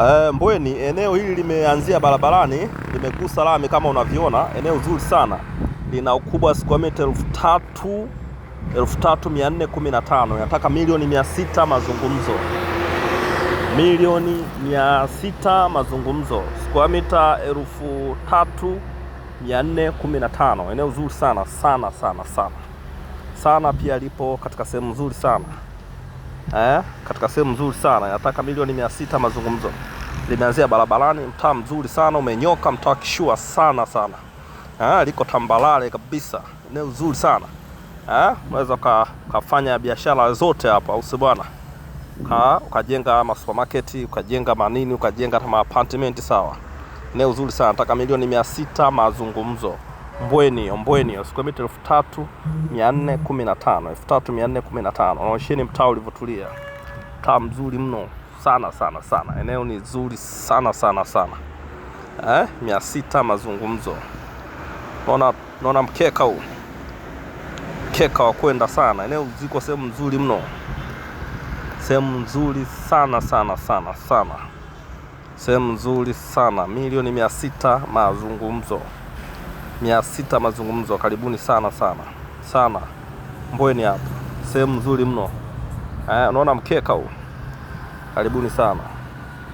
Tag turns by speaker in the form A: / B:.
A: Uh, eh, Mbweni eneo hili limeanzia barabarani limegusa lami kama unavyoona, eneo zuri sana, lina ukubwa wa square mita elfu tatu elfu tatu mia nne kumi na tano inataka milioni mia sita mazungumzo, milioni mia sita mazungumzo, square mita elfu tatu mia nne kumi na tano Eneo zuri sana sana sana sana sana, pia lipo katika sehemu nzuri sana eh, katika sehemu nzuri sana, nataka milioni mia sita mazungumzo. Limeanzia barabarani, mtaa mzuri sana umenyoka, mtaa kishua sana sana eh, liko tambalale kabisa, eneo zuri sana eh, unaweza ukafanya biashara zote hapa, au si bwana? Ukajenga supermarket ukajenga manini, ukajenga ma apartment, sawa. Eneo zuri sana, nataka milioni mia sita mazungumzo. Mbweni hiyo Mbweni hiyo square mita elfu tatu mia nne kumi na tano elfu tatu mia nne kumi na tano Naosheni mtaa ulivyotulia, mtaa mzuri mno sana sana sana, eneo ni zuri sana sana sana eh? mia sita mazungumzo. Naona naona mkeka huu mkeka wa kwenda sana, eneo ziko sehemu nzuri mno, sehemu nzuri sana sana sana sana, sehemu nzuri sana, milioni mia sita mazungumzo mia sita mazungumzo. Karibuni sana sana sana, Mbweni hapa, sehemu nzuri mno. Eh, unaona mkeka huu, karibuni sana.